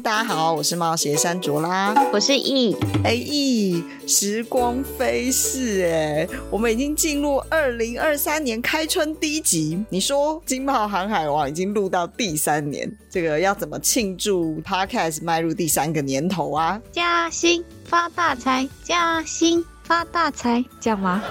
大家好，我是冒險山卓拉。我是 E A E，時光飛逝哎，我們已經進入二零二三年開春第一集。你說金茂航海王已經錄到第三年，這個要怎麼慶祝 Podcast 邁入第三個年頭啊？加薪發大財，加薪發大財，講嗎？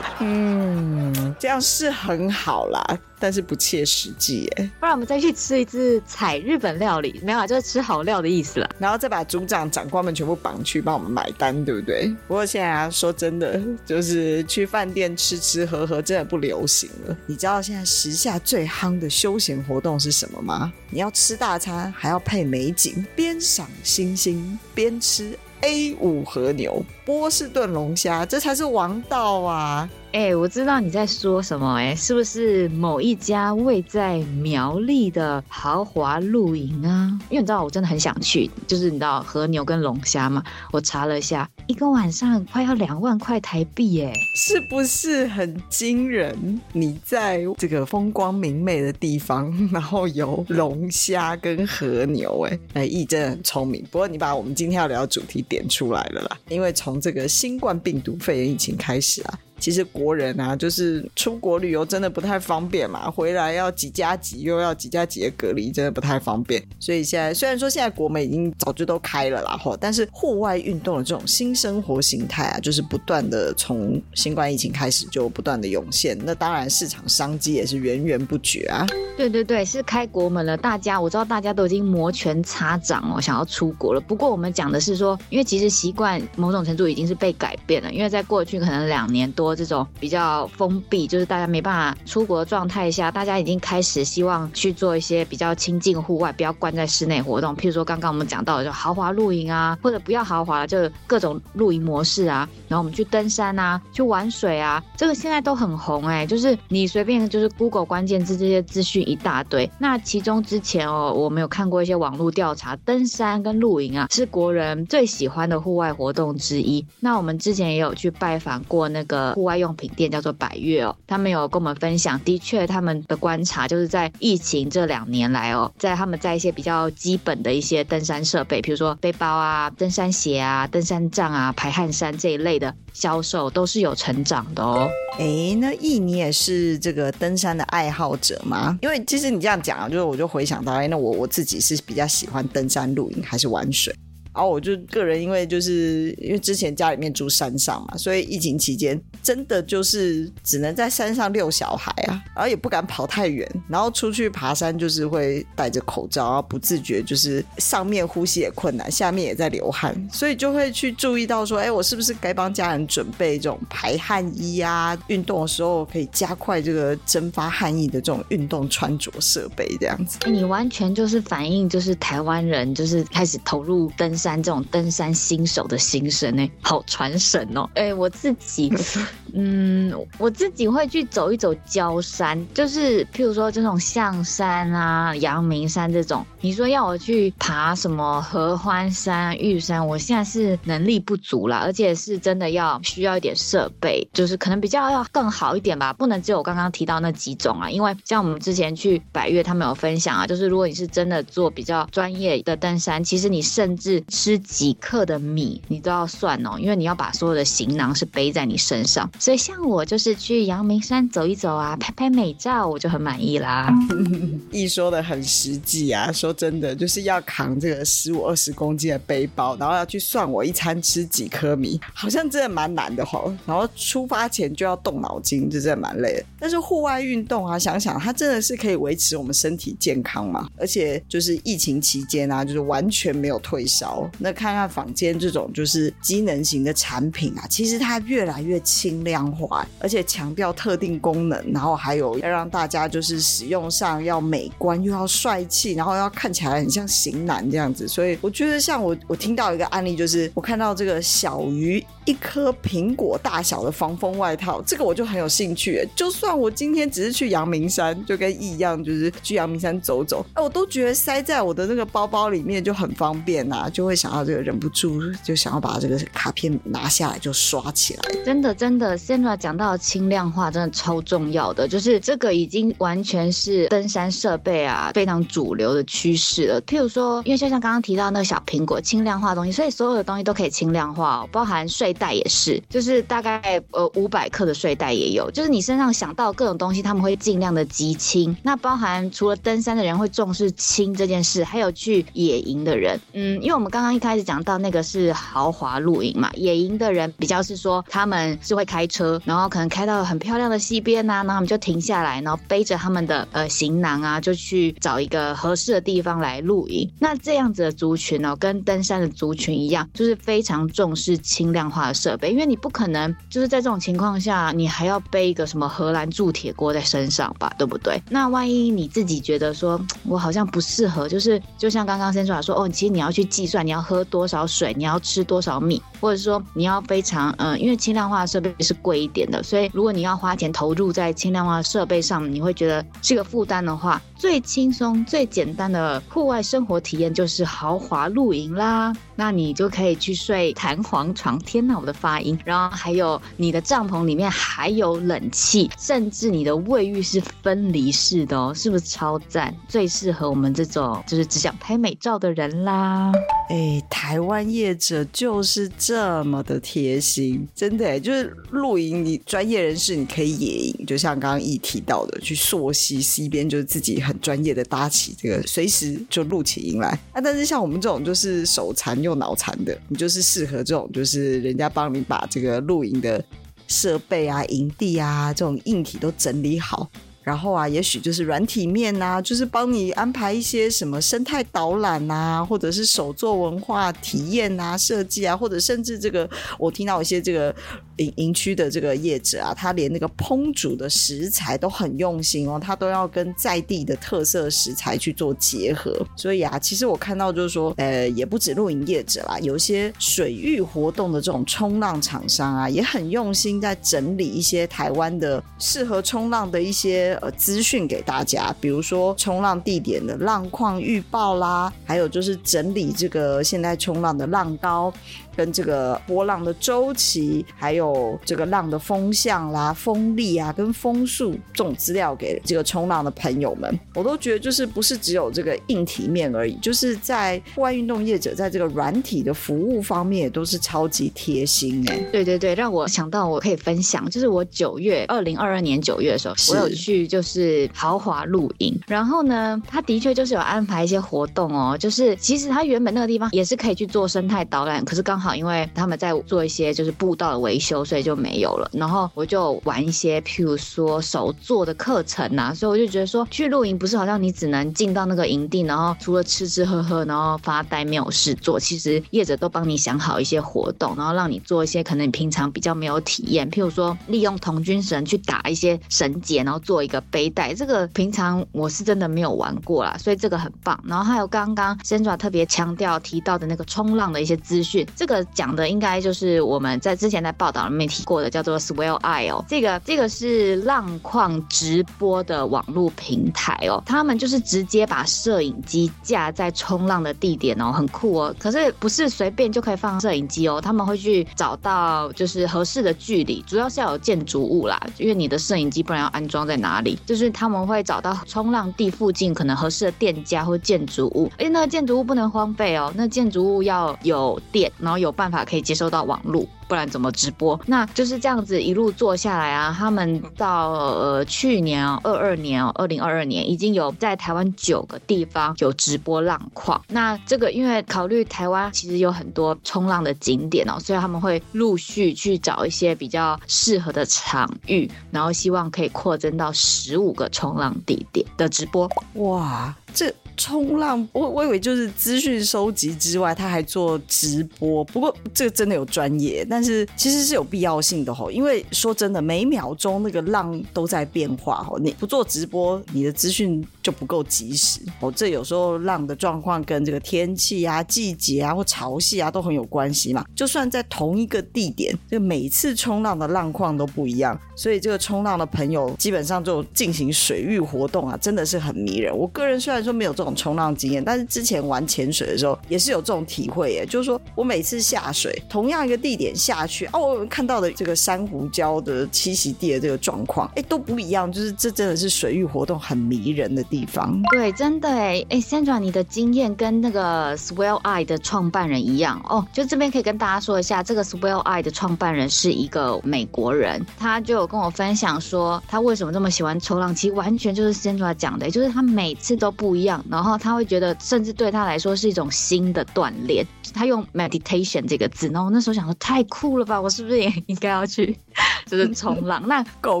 嗯。這樣是很好啦，但是不切實際誒。不然我們再去吃一次採日本料理，沒有啊，就是吃好料的意思啦。然後再把組長長官們全部綁去幫我們買單，對不對？不過現在、啊、說真的，就是去飯店吃吃喝喝真的不流行了。 你知道現在時下最夯的休閒活動是什麼嗎？你要吃大餐，還要配美景，邊賞星星邊吃 A5 和牛、波士頓龍蝦，這才是王道啊！哎、欸，我知道你在說什麼、欸，哎，是不是某一家位在苗栗的豪華露營啊？因為你知道我真的很想去，就是你知道和牛跟龍蝦嘛？我查了一下，一個晚上快要兩萬塊台幣、欸，哎，是不是很驚人？你在這個風光明媚的地方，然後有龍蝦跟和牛、欸，哎、欸，哎，你真的很聰明。不過你把我們今天要聊的主題點出來了啦，因為從這個新冠病毒肺炎疫情開始啊。其實國人啊，就是出國旅遊真的不太方便嘛，回來要幾加幾，又要幾加幾的隔離，真的不太方便。所以現在雖然說現在國門已經早就都開了啦，吼，但是戶外運動的這種新生活形態啊，就是不斷的從新冠疫情開始就不斷的湧現，那當然市場商機也是源源不絕啊。對對對，是開國門了，大家，我知道大家都已經摩拳擦掌哦，想要出國了。不過我們講的是說，因為其實習慣某種程度已經是被改變了，因為在過去可能兩年多。這種比較封閉，就是大家沒辦法出國的狀態下，大家已經開始希望去做一些比較親近戶外、不要關在室內活動。譬如說，剛剛我們講到的，就豪華露營啊，或者不要豪華了，就各種露營模式啊。然後我們去登山啊，去玩水啊，這個現在都很紅哎。就是你隨便就是 Google 關鍵字這些資訊一大堆。那其中之前哦，我們有看過一些網絡調查，登山跟露營啊，是國人最喜歡的戶外活動之一。那我們之前也有去拜訪過那個。戶外用品店叫做百越，哦，他們有跟我們分享，的確他們的觀察就是在疫情這兩年來哦，在他們在一些比較基本的一些登山設備，比如說背包啊、登山鞋啊、登山杖啊、排汗衫這一類的銷售都是有成長的哦。哎、欸，那易，你也是這個登山的愛好者嗎？因為其實你這樣講，就是我就回想到，哎、欸，那我我自己是比較喜歡登山、露營還是玩水？然後我就個人，因為就是因為之前家裡面住山上嘛，所以疫情期間真的就是只能在山上遛小孩啊，然後也不敢跑太遠，然後出去爬山就是會戴着口罩，然後不自覺就是上面呼吸也困難，下面也在流汗，所以就會去注意到說，哎，我是不是該幫家人準備這種排汗衣啊？運動的時候可以加快這個蒸發汗液的這種運動穿着設備這樣子。你完全就是反映就是台灣人就是開始投入登山。山這種登山新手的心聲呢，欸，好傳神哦！哎，欸，我自己， 嗯，我自己會去走一走郊山，就是譬如說這種象山啊、陽明山這種。你說要我去爬什麼合歡山、啊、玉山，我現在是能力不足啦，而且是真的要需要一點設備，就是可能比較要更好一點吧，不能只有我剛剛提到那幾種啊。因為像我們之前去百岳，他們有分享啊，就是如果你是真的做比較專業的登山，其實你甚至。吃幾克的米你都要算哦，因為你要把所有的行囊是背在你身上，所以像我就是去陽明山走一走啊，拍拍美照，我就很滿意啦。嗯，一說的很實際啊，說真的就是要扛這個十五二十公斤的背包，然後要去算我一餐吃幾顆米，好像真的蠻難的吼。然後出發前就要動腦筋，就真的蠻累的。但是戶外運動啊，想想它真的是可以維持我們身體健康嘛，而且就是疫情期間啊，就是完全沒有退燒。那看看坊間這種就是機能型的產品啊，其實它越來越輕量化，而且強調特定功能，然後還有要讓大家就是使用上要美觀又要帥氣，然後要看起來很像型男這樣子。所以我覺得像我，我聽到一個案例，就是我看到這個小魚。一顆蘋果大小的防風外套，這個我就很有興趣。就算我今天只是去陽明山，就跟一一樣，就是去陽明山走走，哎，我都覺得塞在我的那個包包裡面就很方便吶、啊，就會想要這個忍不住就想要把這個卡片拿下來就刷起來。真的，真的，Sandra 講到輕量化，真的超重要的，就是這個已經完全是登山設備啊，非常主流的趨勢了。譬如說，因為就像剛剛提到那個小蘋果輕量化東西，所以所有的東西都可以輕量化，包含睡袋也是，就是大概呃五百克的睡袋也有，就是你身上想到各種東西，他們會儘量的極輕。那包含除了登山的人會重視輕這件事，還有去野營的人，嗯，因為我們剛剛一開始講到那個是豪華露營嘛，野營的人比較是說他們是會開車，然後可能開到很漂亮的溪邊啊，然後他們就停下來，然後背着他們的呃行囊啊，就去找一個合適的地方來露營。那這樣子的族群呢、哦，跟登山的族群一樣，就是非常重視輕量化。設備，因為你不可能就是在這種情況下，你還要背一個什麼荷蘭鑄鐵鍋在身上吧，對不對？那萬一你自己覺得說，我好像不適合，就是就像剛剛先說啊，說，哦，其實你要去計算你要喝多少水，你要吃多少米，或者說你要非常嗯、呃，因為輕量化設備是貴一點的，所以如果你要花錢投入在輕量化設備上，你會覺得是個負擔的話。最輕鬆、最簡單的戶外生活體驗就是豪華露營啦！那你就可以去睡彈簧床，天哪，我的發音！然後還有你的帳篷裡面還有冷氣，甚至你的衛浴是分離式的哦，是不是超讚？最適合我們這種就是只想拍美照的人啦！哎，台灣業者就是這麼的貼心，真的，就是露營你，你專業人士你可以野營，就像剛剛一提到的，去溯溪溪邊，就是自己。很專業的搭起這個，隨時就露起營來啊！但是像我們這種就是手殘又腦殘的，你就是適合這種，就是人家幫你把這個露營的設備啊、營地啊這種硬體都整理好。然後啊，也許就是軟體面啊，就是幫你安排一些什麼生態導覽啊，或者是手作文化體驗啊、設計啊，或者甚至這個，我聽到一些這個營營區的這個業者啊，他連那個烹煮的食材都很用心哦，他都要跟在地的特色食材去做結合。所以啊，其實我看到就是說，呃，也不止露營業者啦，有些水域活動的這種衝浪廠商啊，也很用心在整理一些台灣的適合衝浪的一些，呃，資訊給大家，比如說衝浪地點的浪況預報啦，還有就是整理這個現在衝浪的浪高跟這個波浪的周期，還有這個浪的風向啦、風力啊、跟風速這種資料給這個衝浪的朋友們。我都覺得就是不是只有這個硬體面而已，就是在戶外運動業者在這個軟體的服務方面也都是超級貼心哎、哦。對對對，讓我想到我可以分享，就是我九月二零二二年九月的時候，是我有去。就是豪華露營，然後呢，他的確就是有安排一些活動哦，就是其實他原本那個地方也是可以去做生態導覽，可是剛好因為他們在做一些就是步道的維修，所以就沒有了。然後我就玩一些，譬如說手做的課程吶、啊，所以我就覺得說去露營不是好像你只能進到那個營地，然後除了吃吃喝喝，然後發呆沒有事做。其實業者都幫你想好一些活動，然後讓你做一些可能你平常比較沒有體驗，譬如說利用童軍繩去打一些繩結，然後做一個。背帶，這個平常我是真的沒有玩過啦，所以這個很棒。然後還有剛剛 Sandra 特別強調提到的那個衝浪的一些資訊，這個講的應該就是我們在之前在報道裡面提過的，叫做 Swell Eye 哦。這個這個是浪況直播的網絡平台哦，他們就是直接把攝影機架在衝浪的地點哦，很酷哦。可是不是隨便就可以放攝影機哦，他們會去找到就是合適的距離，主要是要有建築物啦，因為你的攝影機不然要安裝在哪裡？哪裡？就是他們會找到衝浪地附近可能合適的店家或建築物，哎，那建築物不能荒廢哦，那建築物要有電，然後有辦法可以接收到網絡。不然怎麼直播？那就是這樣子一路做下來啊，他們到呃去年哦二二年哦二零二二年已經有在台灣九個地方有直播浪況。那這個因為考慮台灣其實有很多衝浪的景點哦，所以他們會陸續去找一些比較適合的場域，然後希望可以擴增到十五個衝浪地點的直播。哇，這！衝浪，我我以為就是資訊收集之外，他還做直播。不過這個真的有專業，但是其實是有必要性的吼，因為說真的，每秒鐘那個浪都在變化吼，你不做直播，你的資訊就不夠及時哦。這有時候浪的狀況跟這個天氣啊、季節啊或潮汐啊都很有關係嘛。就算在同一個地點，就每次衝浪的浪況都不一樣，所以這個衝浪的朋友基本上就進行水域活動啊，真的是很迷人。我個人雖然說沒有這種。衝浪經驗，但是之前玩潛水的時候也是有這種體會誒、欸，就是說我每次下水，同樣一個地點下去，哦，我看到的這個珊瑚礁的棲息地的這個狀況，哎、欸，都不一樣，就是這真的是水域活動很迷人的地方。對，真的誒、欸，哎，Sandra 你的經驗跟那個 Swell Eye 的創辦人一樣哦，就這邊可以跟大家說一下，這個 Swell Eye 的創辦人是一個美國人，他就有跟我分享說他為什麼這麼喜歡衝浪，其實完全就是 Sandra 講的、欸，就是他每次都不一樣。然後他會覺得，甚至對他來說是一種新的鍛鍊。他用 meditation 這個字，然後我那時候想說，太酷了吧！我是不是也應該要去，就是衝浪？ 那 go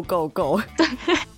go go，對。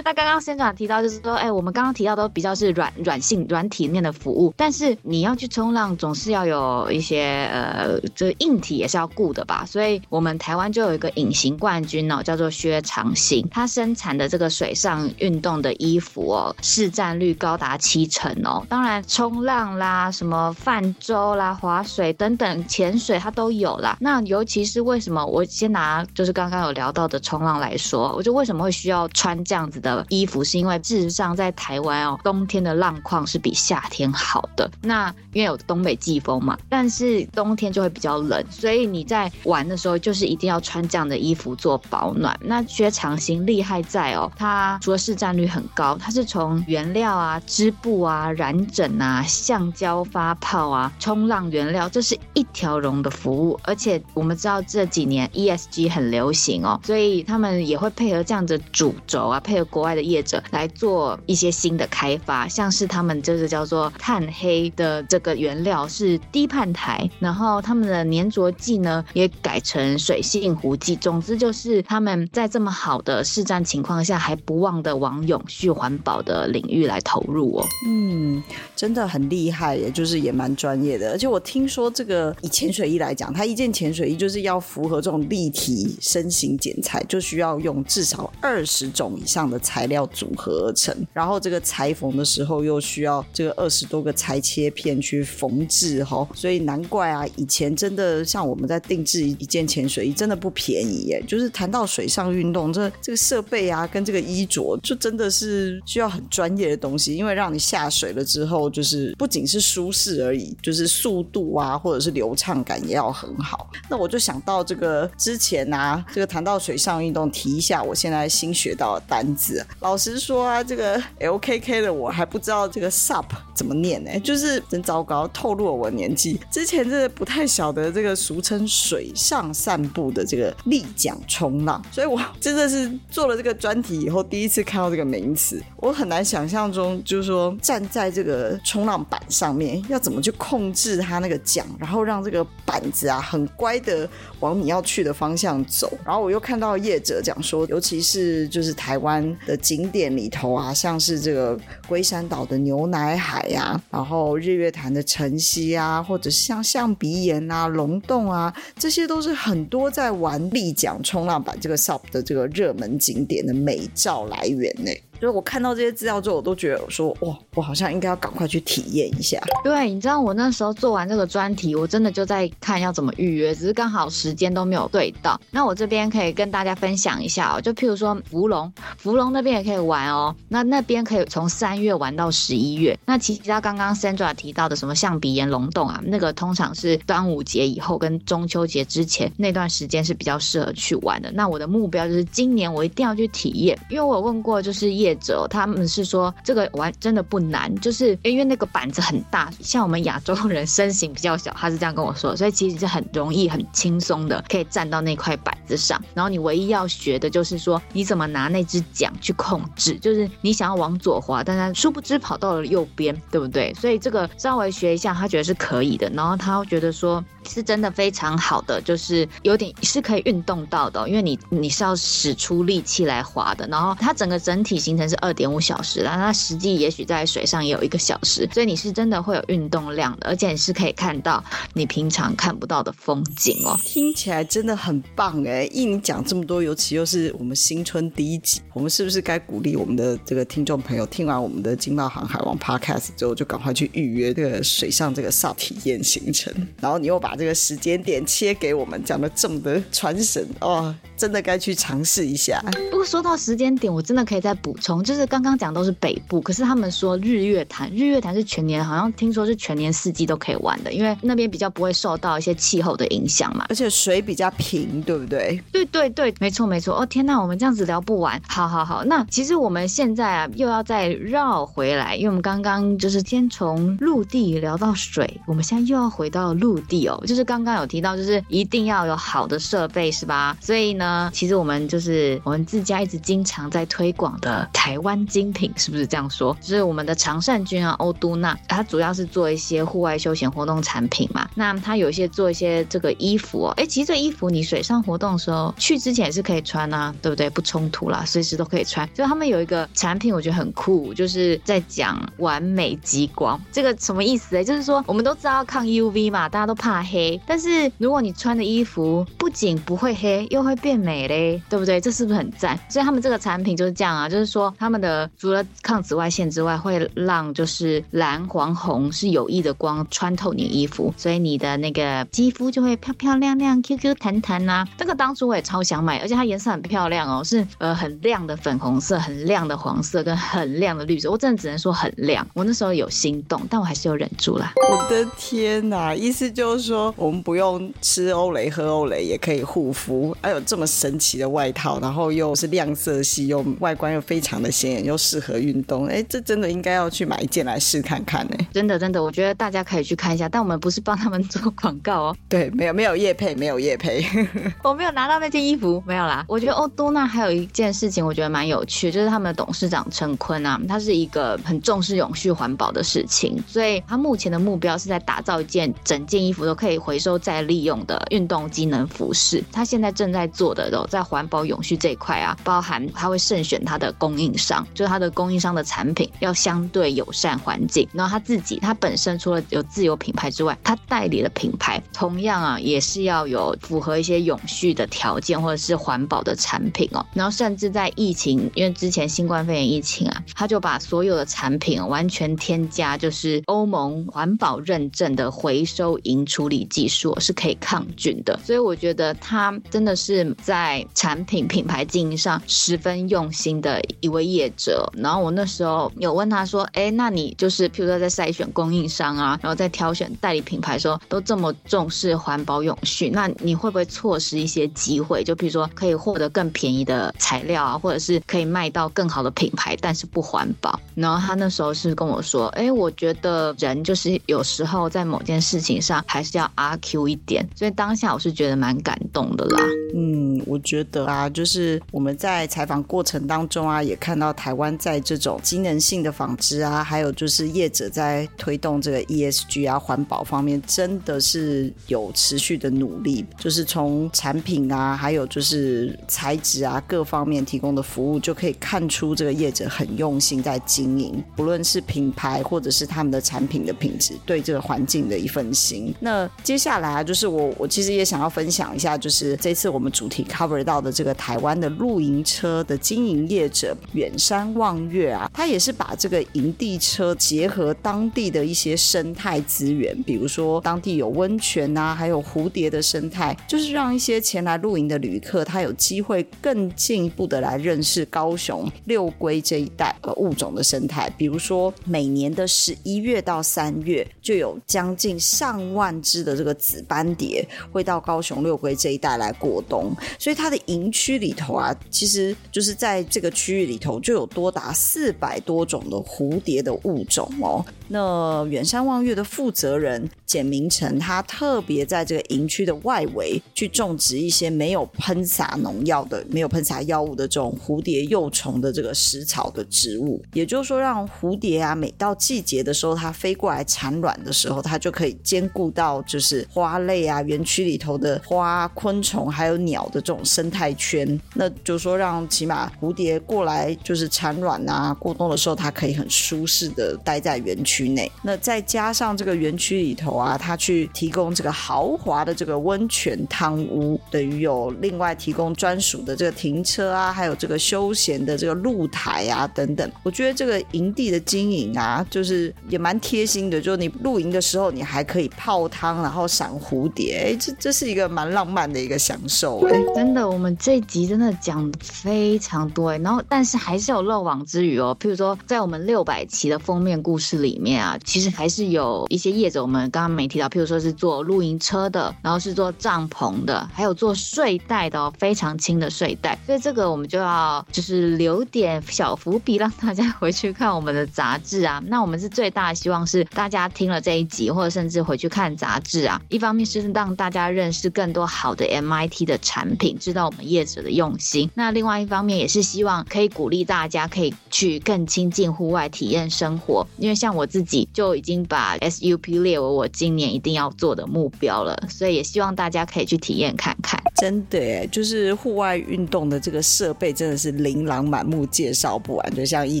那剛剛仙長提到，就是說，哎，我們剛剛提到都比較是軟軟性軟體面的服務，但是你要去衝浪，總是要有一些呃，就是硬體也是要顧的吧？所以，我們台灣就有一個隱形冠軍哦，叫做薛長興，他生產的這個水上運動的衣服哦，市占率高達七成哦。當然，衝浪啦，什麼泛舟啦、划水等等，潛水它都有啦。那尤其是為什麼我先拿就是剛剛有聊到的衝浪來說，我就為什麼會需要穿這樣子的？衣服，是因為事實上在台灣哦，冬天的浪況是比夏天好的。那因為有東北季風嘛，但是冬天就會比較冷，所以你在玩的時候就是一定要穿這樣的衣服做保暖。那薛長興厲害在哦，他除了市占率很高，他是從原料啊、織布啊、染整啊、橡膠發泡啊、衝浪原料，這是一條龍的服務。而且我們知道這幾年 ESG 很流行哦，所以他們也會配合這樣的主軸啊，配合國。外的業者來做一些新的開發，像是他們就是叫做碳黑的這個原料是低碳台，然後他們的粘着劑呢也改成水性糊劑。總之就是他們在這麼好的市占情況下，還不忘的往永續環保的領域來投入哦。嗯，真的很厲害，也就是也蠻專業的。而且我聽說這個以潛水衣來講，它一件潛水衣就是要符合這種立體身形剪裁，就需要用至少二十種以上的材。材料組合而成，然後這個裁縫的時候又需要這個二十多個裁切片去縫製哦，所以難怪啊，以前真的像我們在定製一件潛水衣，真的不便宜耶。就是談到水上運動，這這個設備啊，跟這個衣着，就真的是需要很專業的東西，因為讓你下水了之後，就是不僅是舒適而已，就是速度啊，或者是流暢感也要很好。那我就想到這個之前啊，這個談到水上運動，提一下我現在新學到的單字老實說啊，這個 LKK 的我還不知道這個 SUP 怎麼念呢，就是真糟糕，透露了我的年紀。之前真的不太曉得這個俗稱水上散步的這個立槳衝浪，所以我真的是做了這個專題以後，第一次看到這個名詞，我很難想象中，就是說站在這個衝浪板上面要怎麼去控制它那個槳，然後讓這個板子啊很乖的往你要去的方向走。然後我又看到業者講說，尤其是就是台灣。的景點裡頭啊，像是這個龜山島的牛奶海呀、啊，然後日月潭的晨曦啊，或者像象鼻岩啊、龍洞啊，這些都是很多在玩立槳衝浪板這個 SUP 的這個熱門景點的美照來源呢。所以我看到這些資料之後，我都覺得我說哇，我好像應該要趕快去體驗一下。對啊，你知道我那時候做完這個專題，我真的就在看要怎麼預約，只是剛好時間都沒有對到。那我這邊可以跟大家分享一下哦，就譬如說福隆，福隆那邊也可以玩哦。那那邊可以從三月玩到十一月。那其他剛剛 Sandra 提到的什麼象鼻岩、龍洞啊，那個通常是端午節以後跟中秋節之前那段時間是比較適合去玩的。那我的目標就是今年我一定要去體驗，因為我有問過就是葉。他們是說這個玩真的不難，就是因為那個板子很大，像我們亞洲人身形比較小，他是這樣跟我說，所以其實是很容易、很輕鬆的可以站到那塊板子上。然後你唯一要學的就是說你怎麼拿那只槳去控制，就是你想要往左滑，但是殊不知跑到了右邊，對不對？所以這個稍微學一下，他覺得是可以的。然後他覺得說。是真的非常好的，就是有點是可以運動到的，哦，因為你你是要使出力氣來滑的。然後它整個整體行程是二點五小時啦，然後它實際也許在水上也有一個小時，所以你是真的會有運動量的，而且你是可以看到你平常看不到的風景哦。聽起來真的很棒哎、欸！一，你講這麼多，尤其又是我們新春第一集，我們是不是該鼓勵我們的這個聽眾朋友，聽完我們的經貿航海王 Podcast 之後，就趕快去預約這個水上這個 SUP 體驗行程， 然後你又把。這個時間點切給我們講的這麼的傳神哦，真的該去嘗試一下。不過說到時間點，我真的可以再補充，就是剛剛講都是北部，可是他們說日月潭，日月潭是全年好像聽說是全年四季都可以玩的，因為那邊比較不會受到一些氣候的影響嘛，而且水比較平，對不對？對對對，沒錯沒錯。哦，天哪，我們這樣子聊不完。好好好，那其實我們現在啊，又要再繞回來，因為我們剛剛就是先從陸地聊到水，我們現在又要回到陸地哦。就是剛剛有提到，就是一定要有好的設備，是吧？所以呢，其實我們就是我們自家一直經常在推廣的台灣精品，是不是這樣說？就是我們的常善君啊，歐都納，他主要是做一些戶外休閒活動產品嘛。那他有一些做一些這個衣服哦，哎，其實這衣服你水上活動的時候去之前也是可以穿啊，對不對？不衝突啦，隨時都可以穿。就他們有一個產品，我覺得很酷，就是在講完美極光，這個什麼意思？哎，就是說我們都知道抗 UV 嘛，大家都怕黑。黑，但是如果你穿的衣服不僅不會黑，又會變美嘞，對不對？這是不是很讚？所以他們這個產品就是這樣啊，就是說他們的除了抗紫外線之外，會讓就是藍、黃、紅是有益的光穿透你的衣服，所以你的那個肌膚就會漂漂亮亮、QQ 彈彈啊。那、這個當初我也超想買，而且它顏色很漂亮哦，是呃很亮的粉紅色、很亮的黃色跟很亮的綠色，我真的只能說很亮。我那時候有心動，但我還是有忍住啦。我的天哪，意思就是說。我們不用吃歐蕾，喝歐蕾也可以護膚。還有這麼神奇的外套，然後又是亮色系，又外觀又非常的顯眼，又適合運動。哎、欸，這真的應該要去買一件來試看看呢、欸。真的，真的，我覺得大家可以去看一下。但我們不是幫他們做廣告哦。對，沒有，沒有業配，沒有業配 我沒有拿到那件衣服，沒有啦。我覺得歐多娜還有一件事情，我覺得蠻有趣，就是他們的董事長陳坤啊，他是一個很重視永續環保的事情，所以他目前的目標是在打造一件整件衣服都可以回收再利用的運動機能服飾，他現在正在做的哦，在環保永續這一塊啊，包含他會慎選他的供應商，就他的供應商的產品要相對友善環境。然後他自己，他本身除了有自有品牌之外，他代理的品牌同樣啊也是要有符合一些永續的條件或者是環保的產品哦。然後甚至在疫情，因為之前新冠肺炎疫情啊，他就把所有的產品完全添加，就是歐盟環保認證的回收銀處理。技術是可以抗菌的，所以我覺得他真的是在產品品牌經營上十分用心的一位業者，然後我那時候有問他說：“哎，那你就是譬如說在篩選供應商啊，然後在挑選代理品牌的時候，都這麼重視環保永續，那你會不會錯失一些機會？就譬如說可以獲得更便宜的材料啊，或者是可以賣到更好的品牌，但是不環保？”然後他那時候是跟我說：“哎，我覺得人就是有時候在某件事情上還是要。”阿 Q 一點，所以當下我是覺得蠻感動的啦。嗯，我覺得啊，就是我們在採訪過程當中啊，也看到台灣在這種機能性的紡織啊，還有就是業者在推動這個 ESG 啊環保方面，真的是有持續的努力。就是從產品啊，還有就是材質啊各方面提供的服務，就可以看出這個業者很用心在經營，不論是品牌或者是他們的產品的品質，對這個環境的一份心。那接下來啊，就是我我其實也想要分享一下，就是這次我們主題 cover 到的這個台灣的露營車的經營業者遠山望月啊，他也是把這個營地車結合當地的一些生態資源，比如說當地有溫泉啊，還有蝴蝶的生態，就是讓一些前來露營的旅客，他有機會更進一步的來認識高雄六龜這一帶物種的生態，比如說每年的十一月到三月，就有將近上萬隻。的這個紫斑蝶會到高雄六龜這一帶來過冬，所以它的營區裡頭啊，其實就是在這個區域裡頭就有多達四百多種的蝴蝶的物種哦。那遠山望月的負責人簡明成，他特別在這個營區的外圍去種植一些沒有噴灑農藥的，沒有噴灑藥物的這種蝴蝶幼蟲的這個食草的植物，也就是說，讓蝴蝶啊，每到季節的時候，它飛過來產卵的時候，它就可以兼顧到就是花類啊，園區裡頭的花、昆蟲還有鳥的這種生態圈。那就是說，讓起碼蝴蝶過來就是產卵啊，過冬的時候，它可以很舒適的待在園區區內，那再加上這個園區裡頭啊，他去提供這個豪華的這個溫泉湯屋，等於有另外提供專屬的這個停車啊，還有這個休閒的這個露臺啊等等。我覺得這個營地的經營啊，就是也蠻貼心的，就是你露營的時候，你還可以泡湯，然後賞蝴蝶，哎、欸，這這是一個蠻浪漫的一個享受哎、欸欸。真的，我們這一集真的講非常多哎、欸，然後但是還是有漏網之魚哦，譬如說在我們六百期的封面故事裡面。面啊，其實還是有一些業者我們剛剛沒提到，譬如說是做露營車的，然後是做帳篷的，還有做睡袋的哦，非常輕的睡袋。所以這個我們就要就是留點小伏筆，讓大家回去看我們的雜誌啊。那我們是最大的希望是大家聽了這一集，或者甚至回去看雜誌啊。一方面是讓大家認識更多好的 MIT 的產品，知道我們業者的用心。那另外一方面也是希望可以鼓勵大家可以去更親近戶外體驗生活，因為像我。自己就已經把 SUP 列為我今年一定要做的目標了，所以也希望大家可以去體驗看看。真的耶，就是戶外運動的這個設備真的是琳琅滿目，介紹不完。就像一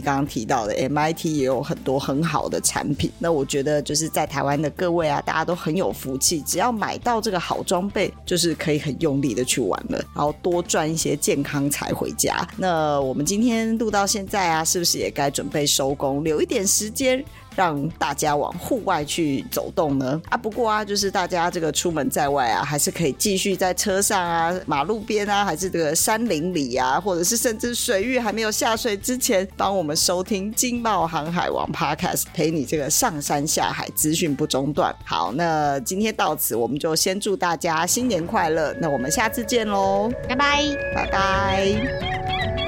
剛剛提到的，MIT 也有很多很好的產品。那我覺得就是在台灣的各位啊，大家都很有福氣，只要買到這個好裝備，就是可以很用力的去玩了，然後多賺一些健康才回家。那我們今天錄到現在啊，是不是也該準備收工，留一點時間？讓大家往戶外去走動呢啊！不過啊，就是大家這個出門在外啊，還是可以繼續在車上啊、馬路邊啊，還是這個山林裡啊，或者是甚至水域還沒有下水之前，幫我們收聽《經貿航海王》Podcast，陪你這個上山下海，資訊不中斷。好，那今天到此，我們就先祝大家新年快樂，那我們下次見嘍，拜拜，拜拜。